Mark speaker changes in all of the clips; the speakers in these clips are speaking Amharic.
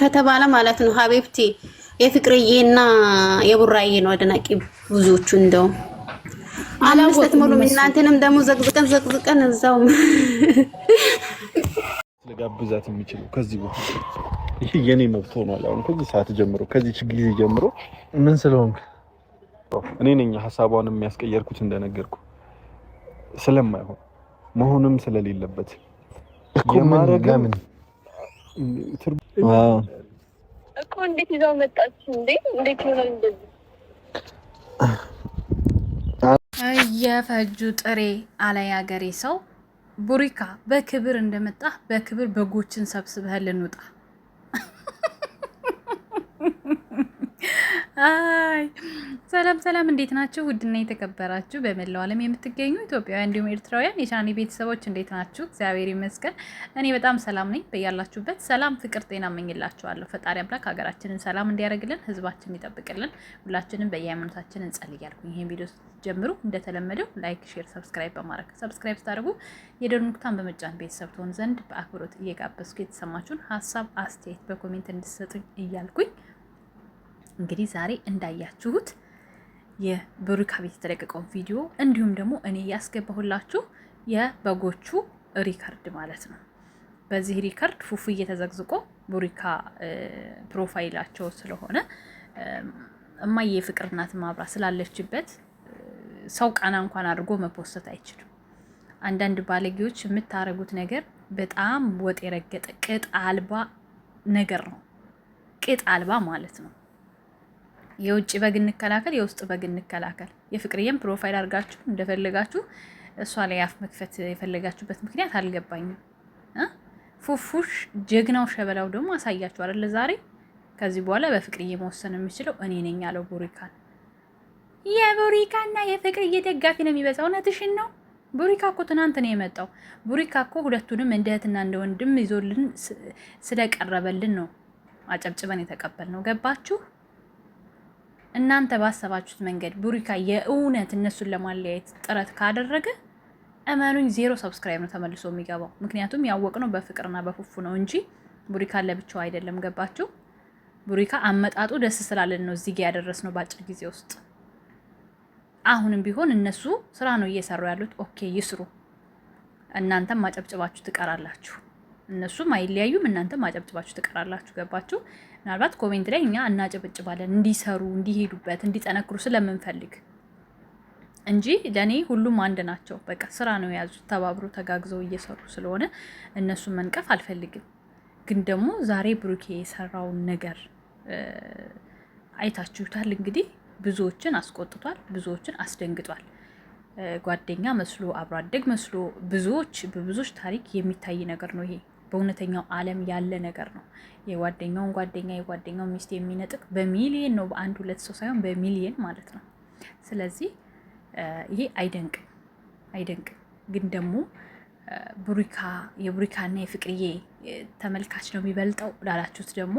Speaker 1: ከተባለ ማለት ነው ሀቢብቲ የፍቅርዬና ነው አድናቂ ብዙዎቹ እንደው አላስተት ሙሉ እናንተንም ደግሞ ዘቅዝቀን ዘቅዝቀን እዛው
Speaker 2: ለጋብዛት የሚችሉ ከዚህ ቦታ ይሄ የኔ መብት ሆኗል። አሁን ከዚህ ሰዓት ጀምሮ ከዚህ ጊዜ ጀምሮ ምን ስለሆንክ እኔ ነኝ ሀሳቧን የሚያስቀየርኩት እንደነገርኩ ስለማይሆን መሆንም ስለሌለበት
Speaker 3: የማረግ
Speaker 1: እኮ እንዴት ይዛው መጣች? እንዴት ይሆናል እንደዚህ የፈጁ ጥሬ አለ ያገሬ ሰው ቡሪካ፣ በክብር እንደመጣ በክብር በጎችን ሰብስበህ ልንውጣ አይ ሰላም ሰላም፣ እንዴት ናችሁ? ውድና የተከበራችሁ በመላው ዓለም የምትገኙ ኢትዮጵያውያን እንዲሁም ኤርትራውያን የቻኔ ቤተሰቦች እንዴት ናችሁ? እግዚአብሔር ይመስገን እኔ በጣም ሰላም ነኝ። በያላችሁበት ሰላም፣ ፍቅር፣ ጤና እመኝላችኋለሁ። ፈጣሪ አምላክ ሀገራችንን ሰላም እንዲያደርግልን፣ ህዝባችንን ይጠብቅልን። ሁላችንም በየሃይማኖታችን እንጸልይ ይህን ቪዲዮ ጀምሩ። እንደተለመደው ላይክ፣ ሼር፣ ሰብስክራይብ በማድረግ ሰብስክራይብ ስታደርጉ የደወል ምልክቱን በመጫን ቤተሰብ ትሆኑ ዘንድ በአክብሮት እየጋበዝኩ የተሰማችሁን ሀሳብ አስተያየት በኮሜንት እንድትሰጡኝ እያልኩኝ እንግዲህ ዛሬ እንዳያችሁት የብሩካ ቤት የተለቀቀውን ቪዲዮ እንዲሁም ደግሞ እኔ ያስገባሁላችሁ የበጎቹ ሪከርድ ማለት ነው። በዚህ ሪከርድ ፉፉ እየተዘግዝቆ ቡሪካ ፕሮፋይላቸው ስለሆነ እማዬ የፍቅር እናት ማብራ ስላለችበት ሰው ቃና እንኳን አድርጎ መፖሰት አይችልም። አንዳንድ ባለጌዎች የምታረጉት ነገር በጣም ወጥ የረገጠ ቅጥ አልባ ነገር ነው። ቅጥ አልባ ማለት ነው። የውጭ በግ እንከላከል፣ የውስጥ በግ እንከላከል። የፍቅርዬም ፕሮፋይል አድርጋችሁ እንደፈለጋችሁ እሷ ላይ አፍ መክፈት የፈለጋችሁበት ምክንያት አልገባኝም። ፉፉሽ ጀግናው ሸበላው ደግሞ አሳያችሁ አይደለ ዛሬ። ከዚህ በኋላ በፍቅርዬ መወሰን የሚችለው እኔ ነኝ ያለው ቡሪካን። የቡሪካና የፍቅርዬ ደጋፊ ነው የሚበዛው። እውነትሽን ነው። ቡሪካ እኮ ትናንት ነው የመጣው። ቡሪካ እኮ ሁለቱንም እንደ እህትና እንደ ወንድም ይዞልን ስለቀረበልን ነው አጨብጭበን የተቀበልነው። ገባችሁ? እናንተ ባሰባችሁት መንገድ ቡሪካ የእውነት እነሱን ለማለያየት ጥረት ካደረገ እመኑኝ ዜሮ ሰብስክራይብ ነው ተመልሶ የሚገባው። ምክንያቱም ያወቅነው በፍቅርና በፉፉ ነው እንጂ ቡሪካ ለብቻው አይደለም። ገባችሁ? ቡሪካ አመጣጡ ደስ ስላለን ነው እዚህ ጋ ያደረስነው በአጭር ጊዜ ውስጥ። አሁንም ቢሆን እነሱ ስራ ነው እየሰሩ ያሉት። ኦኬ ይስሩ። እናንተም ማጨብጭባችሁ ትቀራላችሁ። እነሱም አይለያዩም፣ እናንተም አጨብጭባችሁ ትቀራላችሁ። ገባችሁ? ምናልባት ኮሜንት ላይ እኛ እናጨበጭባለን እንዲሰሩ፣ እንዲሄዱበት፣ እንዲጠነክሩ ስለምንፈልግ እንጂ ለእኔ ሁሉም አንድ ናቸው። በቃ ስራ ነው የያዙት፣ ተባብሮ ተጋግዘው እየሰሩ ስለሆነ እነሱን መንቀፍ አልፈልግም። ግን ደግሞ ዛሬ ብሩኬ የሰራውን ነገር አይታችሁታል። እንግዲህ ብዙዎችን አስቆጥቷል፣ ብዙዎችን አስደንግጧል። ጓደኛ መስሎ አብሮ አደግ መስሎ ብዙዎች በብዙዎች ታሪክ የሚታይ ነገር ነው ይሄ። በእውነተኛው ዓለም ያለ ነገር ነው። የጓደኛውን ጓደኛ የጓደኛው ሚስት የሚነጥቅ በሚሊየን ነው፣ በአንድ ሁለት ሰው ሳይሆን በሚሊየን ማለት ነው። ስለዚህ ይሄ አይደንቅም አይደንቅም። ግን ደግሞ ቡሪካ የቡሪካና የፍቅርዬ ተመልካች ነው የሚበልጠው ላላችሁት ደግሞ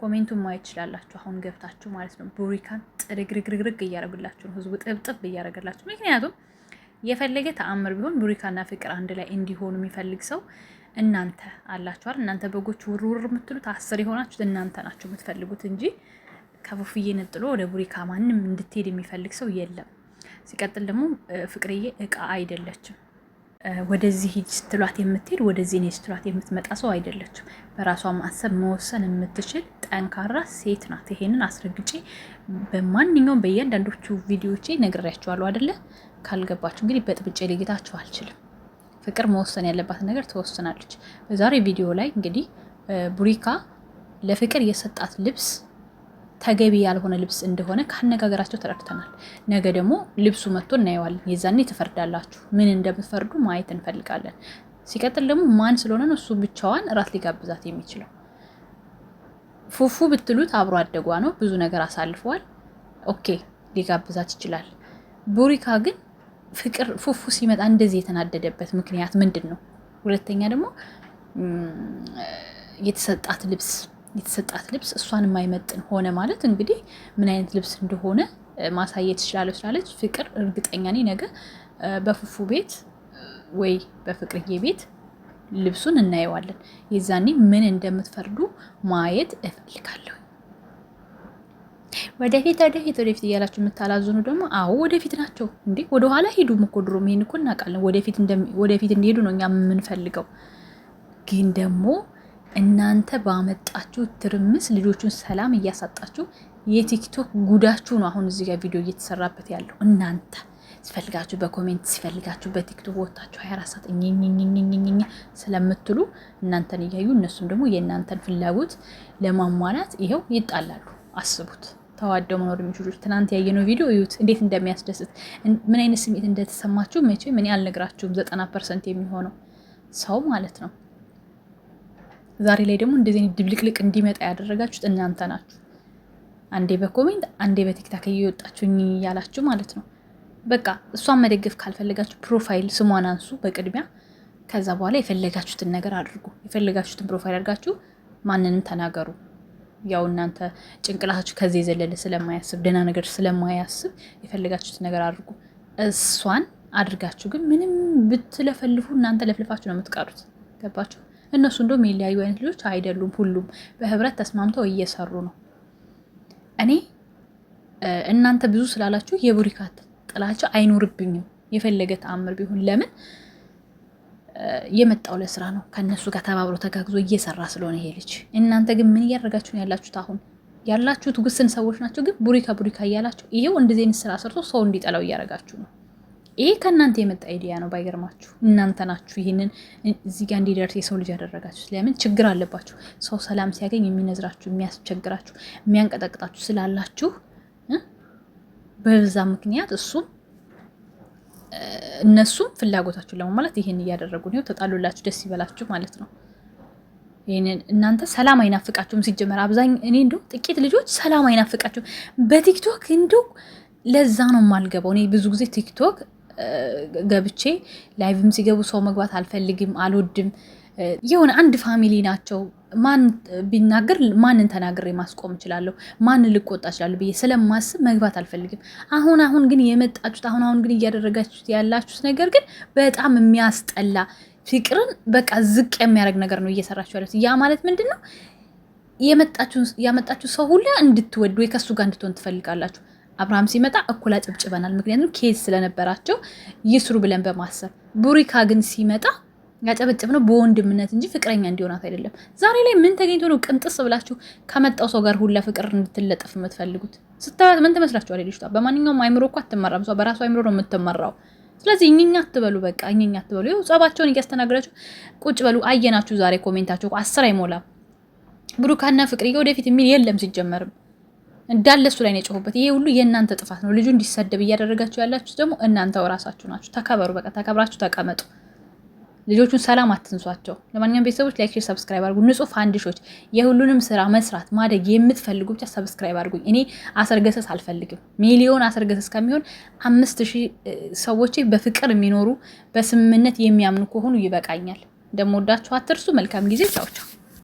Speaker 1: ኮሜንቱን ማየት ይችላላችሁ። አሁን ገብታችሁ ማለት ነው። ቡሪካን ጥርግርግርግርግ እያደረግላችሁ ነው፣ ህዝቡ ጥብጥብ እያደረገላችሁ። ምክንያቱም የፈለገ ተአምር ቢሆን ቡሪካና ፍቅር አንድ ላይ እንዲሆኑ የሚፈልግ ሰው እናንተ አላችኋል። እናንተ በጎች ውርውር የምትሉት አስር የሆናችሁት እናንተ ናችሁ የምትፈልጉት እንጂ ከፉፉዬ ነጥሎ ወደ ቡሪካ ማንም እንድትሄድ የሚፈልግ ሰው የለም። ሲቀጥል ደግሞ ፍቅርዬ እቃ አይደለችም። ወደዚህ ሂጅ ስትሏት የምትሄድ ወደዚህ እኔ ስትሏት የምትመጣ ሰው አይደለችም። በራሷ ማሰብ መወሰን የምትችል ጠንካራ ሴት ናት። ይሄንን አስረግጬ በማንኛውም በእያንዳንዶቹ ቪዲዮቼ ነግሬያችኋለሁ አይደለ? ካልገባችሁ እንግዲህ በጥብጬ ልጌታችሁ አልችልም። ፍቅር መወሰን ያለባትን ነገር ትወስናለች። በዛሬ ቪዲዮ ላይ እንግዲህ ቡሪካ ለፍቅር የሰጣት ልብስ ተገቢ ያልሆነ ልብስ እንደሆነ ከአነጋገራቸው ተረድተናል። ነገ ደግሞ ልብሱ መጥቶ እናየዋለን። የዛኔ ትፈርዳላችሁ። ምን እንደምትፈርዱ ማየት እንፈልጋለን። ሲቀጥል ደግሞ ማን ስለሆነ ነው እሱ ብቻዋን እራት ሊጋብዛት የሚችለው? ፉፉ ብትሉት አብሮ አደጓ ነው፣ ብዙ ነገር አሳልፈዋል። ኦኬ ሊጋብዛት ይችላል። ቡሪካ ግን ፍቅር ፉፉ ሲመጣ እንደዚህ የተናደደበት ምክንያት ምንድን ነው? ሁለተኛ ደግሞ የተሰጣት ልብስ የተሰጣት ልብስ እሷን የማይመጥን ሆነ ማለት እንግዲህ ምን አይነት ልብስ እንደሆነ ማሳየት ይችላለሁ ስላለች ፍቅር እርግጠኛ ነኝ ነገ በፉፉ ቤት ወይ በፍቅርዬ ቤት ልብሱን እናየዋለን። የዛኔ ምን እንደምትፈርዱ ማየት እፈልጋለሁ። ወደፊት ወደፊት ወደፊት እያላችሁ የምታላዝኑ ደግሞ አዎ ወደፊት ናቸው እንዴ፣ ወደኋላ ሄዱም እኮ ድሮም ይሄን እኮ እናውቃለን። ወደፊት እንዲሄዱ ነው እኛ የምንፈልገው። ግን ደግሞ እናንተ ባመጣችሁ ትርምስ ልጆቹን ሰላም እያሳጣችሁ የቲክቶክ ጉዳችሁ ነው አሁን እዚህ ጋር ቪዲዮ እየተሰራበት ያለው። እናንተ ሲፈልጋችሁ በኮሜንት ሲፈልጋችሁ በቲክቶክ ወታችሁ ሀያ አራት ሰዓት ስለምትሉ እናንተን እያዩ እነሱም ደግሞ የእናንተን ፍላጎት ለማሟላት ይኸው ይጣላሉ። አስቡት። ተዋደው መኖር የሚችሉ ትናንት ያየነው ቪዲዮ እዩት፣ እንዴት እንደሚያስደስት ምን አይነት ስሜት እንደተሰማችሁ መቼ እኔ አልነግራችሁም። ዘጠና ፐርሰንት የሚሆነው ሰው ማለት ነው። ዛሬ ላይ ደግሞ እንደዚህ አይነት ድብልቅልቅ እንዲመጣ ያደረጋችሁት እናንተ ናችሁ። አንዴ በኮሜንት አንዴ በቲክታክ እየወጣችሁ እያላችሁ ማለት ነው። በቃ እሷን መደገፍ ካልፈለጋችሁ ፕሮፋይል ስሟን አንሱ በቅድሚያ። ከዛ በኋላ የፈለጋችሁትን ነገር አድርጉ። የፈለጋችሁትን ፕሮፋይል አድርጋችሁ ማንንም ተናገሩ። ያው እናንተ ጭንቅላታችሁ ከዚህ የዘለለ ስለማያስብ ደህና ነገር ስለማያስብ የፈለጋችሁት ነገር አድርጉ። እሷን አድርጋችሁ ግን ምንም ብትለፈልፉ እናንተ ለፍልፋችሁ ነው የምትቀሩት። ገባችሁ? እነሱ እንደውም የሚለያዩ አይነት ልጆች አይደሉም። ሁሉም በህብረት ተስማምተው እየሰሩ ነው። እኔ እናንተ ብዙ ስላላችሁ የቡሪካት ጥላቸው አይኖርብኝም የፈለገ ተአምር ቢሆን ለምን የመጣው ለስራ ነው። ከነሱ ጋር ተባብሮ ተጋግዞ እየሰራ ስለሆነ ይሄ ልጅ። እናንተ ግን ምን እያደረጋችሁ ነው ያላችሁት? አሁን ያላችሁት ውስን ሰዎች ናቸው፣ ግን ቡሪካ ቡሪካ እያላችሁ ይሄው እንደዚህ አይነት ስራ ሰርቶ ሰው እንዲጠላው እያደረጋችሁ ነው። ይሄ ከእናንተ የመጣ አይዲያ ነው። ባይገርማችሁ እናንተ ናችሁ ይህንን እዚህ ጋር እንዲደርስ የሰው ልጅ ያደረጋችሁ። ስለምን ችግር አለባችሁ? ሰው ሰላም ሲያገኝ የሚነዝራችሁ፣ የሚያስቸግራችሁ፣ የሚያንቀጠቅጣችሁ ስላላችሁ በዛ ምክንያት እሱም እነሱም ፍላጎታችሁን ለመሟላት ይህን እያደረጉ ነው። ተጣሉላችሁ፣ ደስ ይበላችሁ ማለት ነው። ይህንን እናንተ ሰላም አይናፍቃችሁም። ሲጀመር አብዛኝ እኔ እንዲሁ ጥቂት ልጆች ሰላም አይናፍቃችሁም። በቲክቶክ እንዲሁ ለዛ ነው የማልገባው እኔ ብዙ ጊዜ ቲክቶክ ገብቼ ላይቭም ሲገቡ ሰው መግባት አልፈልግም፣ አልወድም። የሆነ አንድ ፋሚሊ ናቸው ማን ቢናገር ማንን ተናግሬ ማስቆም እችላለሁ፣ ማንን ልቆጣ እችላለሁ ብዬ ስለማስብ መግባት አልፈልግም። አሁን አሁን ግን የመጣችሁት አሁን አሁን ግን እያደረጋችሁት ያላችሁት ነገር ግን በጣም የሚያስጠላ ፍቅርን በቃ ዝቅ የሚያደርግ ነገር ነው እየሰራችሁ ያለት። ያ ማለት ምንድን ነው? ያመጣችሁ ሰው ሁላ እንድትወዱ ወይ ከሱ ጋር እንድትሆን ትፈልጋላችሁ። አብርሃም ሲመጣ እኩል አጨብጭበናል፣ ምክንያቱም ኬዝ ስለነበራቸው ይስሩ ብለን በማሰብ ቡሪካ ግን ሲመጣ ያጨበጭብ ነው በወንድምነት እንጂ ፍቅረኛ እንዲሆናት አይደለም። ዛሬ ላይ ምን ተገኝቶ ነው ቅንጥስ ብላችሁ ከመጣው ሰው ጋር ሁላ ፍቅር እንድትለጠፍ የምትፈልጉት? ስታያት ምን ትመስላችኋል? ልጅቷ በማንኛውም አይምሮ እኮ አትመራም። እሷ በራሱ አይምሮ ነው የምትመራው። ስለዚህ እኝኛ አትበሉ፣ በቃ እኝኛ አትበሉ። ይኸው ጸባቸውን እያስተናገዳችሁ ቁጭ በሉ። አየናችሁ ዛሬ ኮሜንታቸው አስር አይሞላም። ብሩካና ፍቅርዬ ወደፊት የሚል የለም ሲጀመርም እንዳለ እሱ ላይ ነው የጮሁበት። ይሄ ሁሉ የእናንተ ጥፋት ነው። ልጁ እንዲሰደብ እያደረጋችሁ ያላችሁ ደግሞ እናንተው ራሳችሁ ናችሁ። ተከበሩ፣ በቃ ተከብራችሁ ተቀመጡ። ልጆቹን ሰላም አትንሷቸው። ለማንኛውም ቤተሰቦች ላይክ፣ ሼር፣ ሰብስክራይብ አድርጉ። ንጹህ ፋንዲሾች የሁሉንም ስራ መስራት ማደግ የምትፈልጉ ብቻ ሰብስክራይብ አድርጉኝ። እኔ አሰርገሰስ አልፈልግም። ሚሊዮን አሰርገሰስ ከሚሆን አምስት ሺህ ሰዎች በፍቅር የሚኖሩ በስምምነት የሚያምኑ ከሆኑ ይበቃኛል። እንደምወዳችሁ አትርሱ። መልካም ጊዜ። ቻውቻው